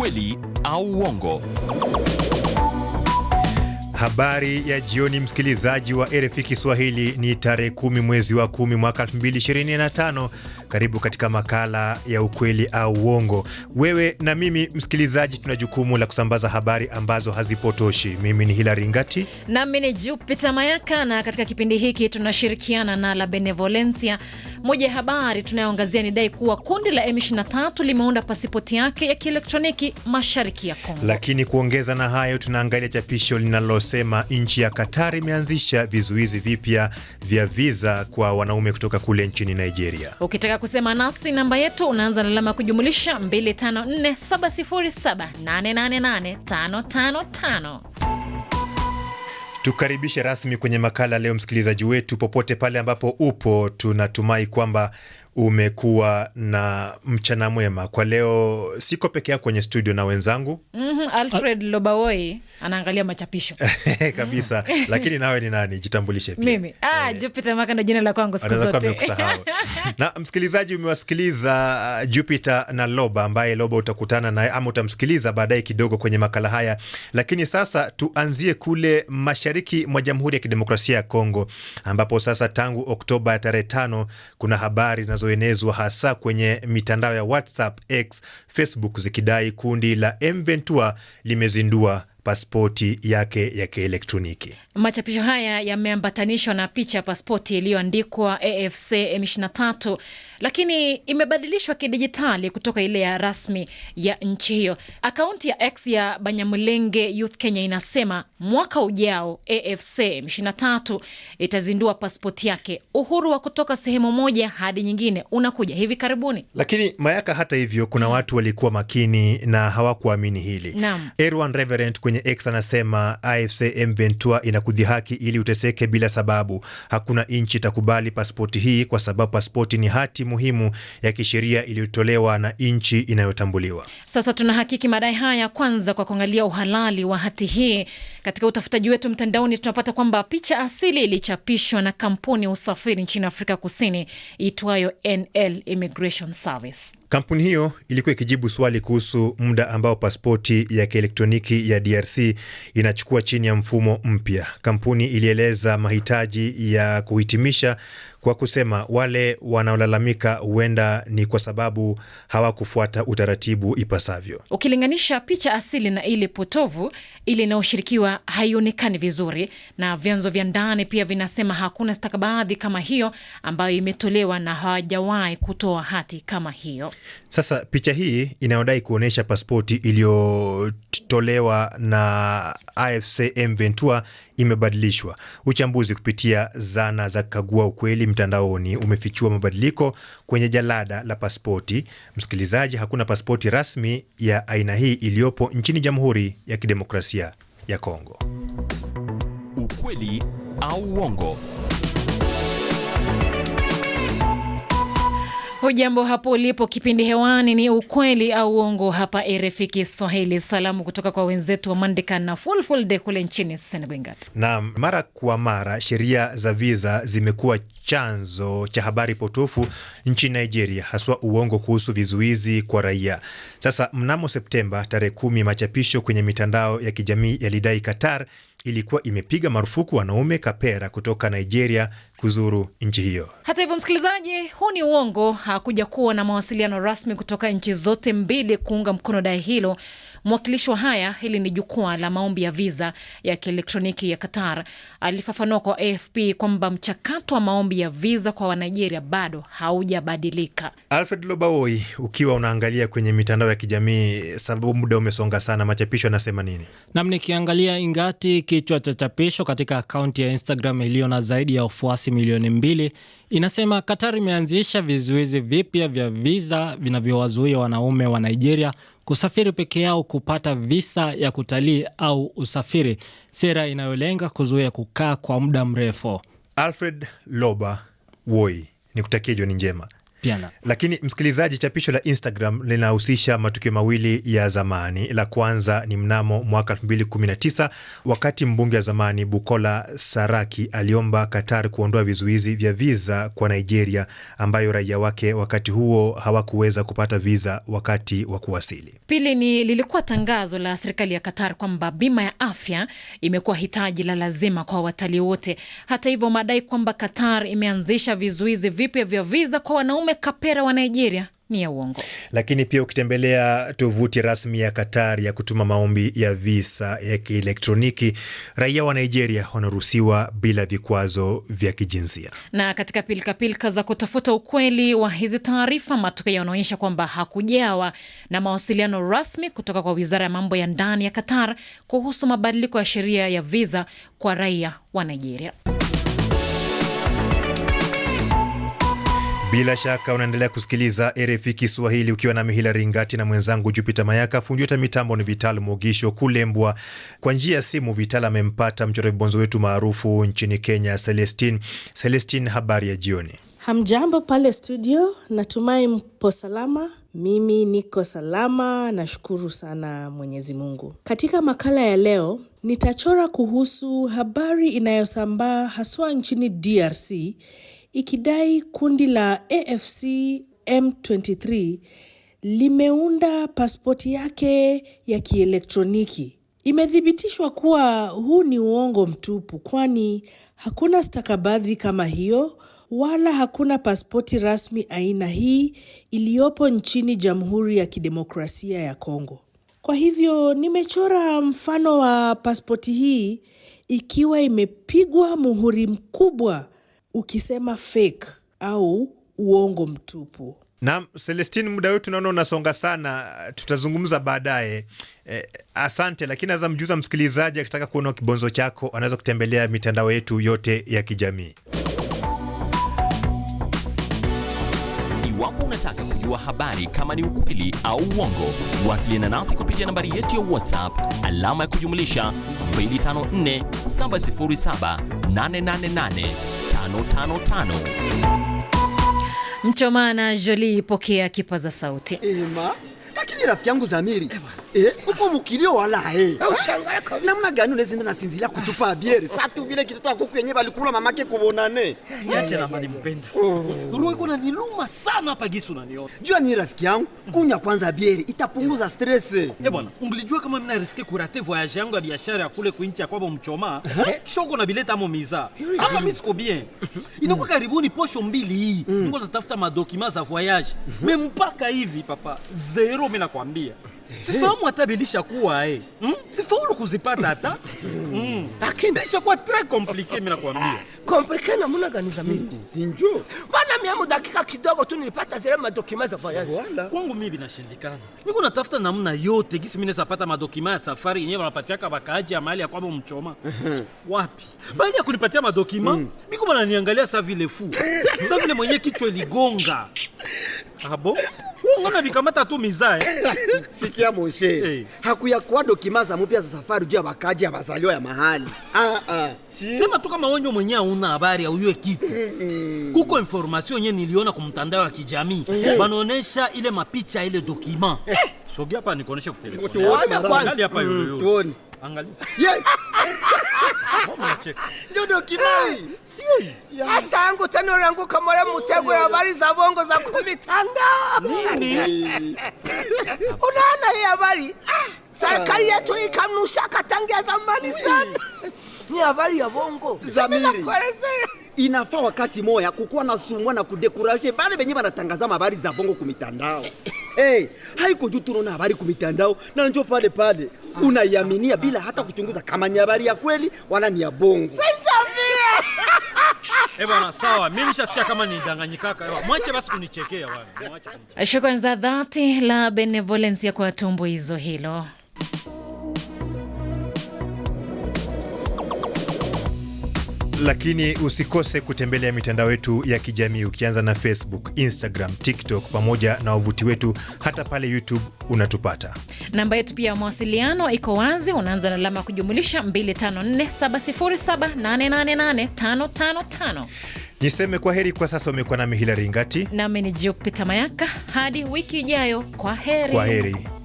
ukweli au uongo. Habari ya jioni, msikilizaji wa RFI Kiswahili. Ni tarehe kumi mwezi wa kumi mwaka 225 karibu katika makala ya ukweli au uongo. Wewe na mimi msikilizaji, tuna jukumu la kusambaza habari ambazo hazipotoshi. Mimi ni Hilari Ngati nami ni Jupita Mayaka, na katika kipindi hiki tunashirikiana na La Benevolencia. Moja ya habari tunayoangazia ni dai kuwa kundi la M23 limeunda pasipoti yake ya kielektroniki mashariki ya Kongo. Lakini kuongeza na hayo, tunaangalia chapisho linalosema nchi ya Katari imeanzisha vizuizi vipya vya viza kwa wanaume kutoka kule nchini Nigeria. Ukitaka kusema nasi, namba yetu unaanza na alama kujumulisha 254707888555. Tukaribishe rasmi kwenye makala leo, msikilizaji wetu, popote pale ambapo upo, tunatumai kwamba umekuwa na mchana mwema kwa leo. Siko peke yako kwenye studio na wenzangu mm -hmm, Alfred Lobawoi anaangalia machapisho kabisa lakini nawe ni nani? Jitambulishe pia. Mimi ah, eh. Jupiter Maka ndo jina la kwangu siku zote na msikilizaji, umewasikiliza uh, Jupiter na Loba, ambaye Loba utakutana naye ama utamsikiliza baadaye kidogo kwenye makala haya, lakini sasa tuanzie kule mashariki mwa Jamhuri ya Kidemokrasia ya Kongo ambapo sasa tangu Oktoba ya tarehe tano kuna habari zina zinazoenezwa hasa kwenye mitandao ya WhatsApp, X, Facebook zikidai kundi la M Ventura limezindua paspoti yake ya kielektroniki. Machapisho haya yameambatanishwa na picha ya paspoti iliyoandikwa AFC M23, lakini imebadilishwa kidijitali kutoka ile ya rasmi ya nchi hiyo. Akaunti ya X ya Banyamulenge Youth Kenya inasema mwaka ujao AFC M23 itazindua paspoti yake. Uhuru wa kutoka sehemu moja hadi nyingine unakuja hivi karibuni. Lakini Mayaka, hata hivyo, kuna watu walikuwa makini na hawakuamini hili. Naam. Erwan Reverend kwenye X anasema AFC M Ventura inakudhihaki ili uteseke bila sababu. Hakuna nchi itakubali pasipoti hii, kwa sababu pasipoti ni hati muhimu ya kisheria iliyotolewa na nchi inayotambuliwa. Sasa tunahakiki madai haya kwanza kwa kuangalia uhalali wa hati hii. Katika utafutaji wetu mtandaoni, tunapata kwamba picha asili ilichapishwa na kampuni ya usafiri nchini Afrika Kusini iitwayo NL Immigration Service. Kampuni hiyo ilikuwa ikijibu swali kuhusu muda ambao paspoti ya kielektroniki ya DRC inachukua chini ya mfumo mpya. Kampuni ilieleza mahitaji ya kuhitimisha kwa kusema wale wanaolalamika huenda ni kwa sababu hawakufuata utaratibu ipasavyo. Ukilinganisha picha asili na ile potovu, ile inayoshirikiwa haionekani vizuri, na vyanzo vya ndani pia vinasema hakuna stakabadhi kama hiyo ambayo imetolewa na hawajawahi kutoa hati kama hiyo. Sasa picha hii inayodai kuonyesha paspoti iliyo tolewa na AFC M23 imebadilishwa. Uchambuzi kupitia zana za kukagua ukweli mtandaoni umefichua mabadiliko kwenye jalada la pasipoti. Msikilizaji, hakuna pasipoti rasmi ya aina hii iliyopo nchini Jamhuri ya Kidemokrasia ya Kongo. Ukweli au uongo. Hujambo hapo ulipo, kipindi hewani ni ukweli au uongo hapa RFI Kiswahili. Salamu kutoka kwa wenzetu wa Mandika na Fulfulde kule nchini Senegal. Naam, mara kwa mara sheria za viza zimekuwa chanzo cha habari potofu nchini Nigeria, haswa uongo kuhusu vizuizi kwa raia. Sasa mnamo Septemba tarehe kumi, machapisho kwenye mitandao ya kijamii yalidai Qatar ilikuwa imepiga marufuku wanaume kapera kutoka Nigeria kuzuru nchi hiyo. Hata hivyo, msikilizaji, huu ni uongo. Hakuja kuwa na mawasiliano rasmi kutoka nchi zote mbili kuunga mkono dai hilo. Mwakilishi wa haya hili ni jukwaa la maombi ya viza ya kielektroniki ya Qatar alifafanua kwa AFP kwamba mchakato wa maombi ya viza kwa Wanigeria bado haujabadilika. Alfred Lobawoi, ukiwa unaangalia kwenye mitandao ya kijamii, sababu muda umesonga sana, machapisho yanasema nini? Nam, nikiangalia ingati kichwa cha chapisho katika akaunti ya Instagram iliyo na zaidi ya wafuasi milioni mbili inasema Qatar imeanzisha vizuizi vipya vya viza vinavyowazuia wanaume wa Nigeria kusafiri peke yao kupata visa ya kutalii au usafiri, sera inayolenga kuzuia kukaa kwa muda mrefu. Alfred Loba Woi, ni kutakia jioni njema. Piana. Lakini msikilizaji, chapisho la Instagram linahusisha matukio mawili ya zamani. La kwanza ni mnamo mwaka 2019 wakati mbunge wa zamani Bukola Saraki aliomba Qatar kuondoa vizuizi vya viza kwa Nigeria, ambayo raia wake wakati huo hawakuweza kupata viza wakati wa kuwasili. Pili ni lilikuwa tangazo la serikali ya Qatar kwamba bima ya afya imekuwa hitaji la lazima kwa watalii wote. Hata hivyo, madai kwamba Qatar imeanzisha vizuizi vipya vya viza kwa wanaume Kwame Kapera wa Nigeria ni ya uongo. Lakini pia ukitembelea tovuti rasmi ya katar ya kutuma maombi ya visa ya kielektroniki, raia wa Nigeria wanaruhusiwa bila vikwazo vya kijinsia. Na katika pilikapilika za kutafuta ukweli wa hizi taarifa, matokeo yanaonyesha kwamba hakujawa na mawasiliano rasmi kutoka kwa wizara ya mambo ya ndani ya Qatar kuhusu mabadiliko ya sheria ya visa kwa raia wa Nigeria. Bila shaka unaendelea kusikiliza RFI Kiswahili ukiwa na Mihila Ringati na mwenzangu Jupita Mayaka. Fundi wetu mitambo ni Vital Mogisho Kulembwa. Kwa njia ya simu, Vital amempata mchora vibonzo wetu maarufu nchini Kenya, Celestin. Celestin, habari ya jioni. Hamjambo pale studio, natumai mpo salama. Mimi niko salama, nashukuru sana Mwenyezi Mungu. Katika makala ya leo, nitachora kuhusu habari inayosambaa haswa nchini DRC ikidai kundi la AFC M23 limeunda pasipoti yake ya kielektroniki. Imethibitishwa kuwa huu ni uongo mtupu, kwani hakuna stakabadhi kama hiyo wala hakuna pasipoti rasmi aina hii iliyopo nchini Jamhuri ya Kidemokrasia ya Kongo. Kwa hivyo nimechora mfano wa pasipoti hii ikiwa imepigwa muhuri mkubwa ukisema fake au uongo mtupu. Naam, Celestine, muda wetu naona unasonga sana, tutazungumza baadaye. Eh, asante. Lakini aza mjuza msikilizaji akitaka kuona kibonzo chako anaweza kutembelea mitandao yetu yote ya kijamii. Iwapo unataka kujua habari kama ni ukweli au uongo, wasiliana nasi kupitia nambari yetu ya WhatsApp alama ya kujumlisha 254 707 888 Mchomana Jolie, pokea kipaza sauti. Ema, lakini rafiki yangu Zamiri, Ewa. Eh, Eh, uko mukilio wala he. Eh? Eh, Ushangaa kabisa. Eh, namna gani unaweza enda na sinzila kutupa abieri? Oh. Satu vile kitoto akuku yenyewe balikula mamake kubonane. Niache na mali mpenda. Oh. Roho iko niluma sana hapa gisu unaniona. Jua ni rafiki yangu, mm. kunya kwanza abieri itapunguza stress. Eh bwana, ungelijua kama mimi na riske kurate voyage yangu ya biashara ya kule kuinchi ya kwabo mchoma. Shoko na bileta amo miza. Ama mimi siko bien. Mm-hmm. Inakuwa karibuni posho mbili hii. Mm. Niko natafuta madokima za voyage. Mimi mm-hmm. hivi papa, zero mimi nakwambia. Eh, sifahamu hata bilishakuwa eh. Hmm? Sifaulu kuzipata hata mm. Lakini bilishakuwa très compliqué, mimi nakwambia compliqué. Namuna gani za zamani? Sinjua bana, mimi hmm. dakika kidogo tu nilipata zile madokima za voyage. Wala kwangu mimi binashindikana, niko natafuta namna yote gisi mimi naweza pata madokima ya safari yenyewe wanapatiaka wakaaji ya mali ya kwamba mchoma wapi baada ya kunipatia madokima mm. Biko bana niangalia saa vile fu saa vile mwenye kichwa ligonga abo ng'ombe bikamata tu miza. Sikia Moshe, hey. Eh. Hakuyakuwa dokima za mupya za safari juu ya bakaji ya bazaliwa ya mahali. Ah, ah. Sema tu kama onyo mwenye hauna habari ya huyo kitu. Mm, mm. Kuko information nye niliona kumtandao wa kijamii banaonesha mm. eh. ile mapicha ile dokima. Eh. Sogea hapa nikuoneshe kwa telefoni. Tuone. Angalia. ndio kibai sioi hii. Hasta yangu tena unaanguka mara mtego ya habari za bongo za kumitandao. Nini? Unaona hii habari? Ah, serikali ah. yetu ikamnusha katangia zamani sana. Ni habari ya bongo. Zamiri inafaa wakati moya kukuwa na sumwa na kudekuraje bale benye banatangazama mabari za bongo kumitandao hey, eh, haiko juu tunaona habari kumitandao na njo pale pale ah. unaiaminia bila hata kuchunguza kama ni habari ya kweli wala ni ya bongo Eh, bwana sawa, mimi nishasikia kama eh, Mwache basi kunichekea wewe. Mwache kunichekea. Shukrani za dhati la benevolence ya kwa tumbo hizo hilo. lakini usikose kutembelea mitandao yetu ya kijamii ukianza na Facebook, Instagram, TikTok pamoja na wavuti wetu. Hata pale YouTube unatupata. Namba yetu pia ya mawasiliano iko wazi, unaanza na alama ya kujumulisha 254707888555. Niseme kwa heri kwa sasa. Umekuwa nami Hilari Ngati, nami ni Jupita Mayaka. Hadi wiki ijayo, kwa heri, kwa heri.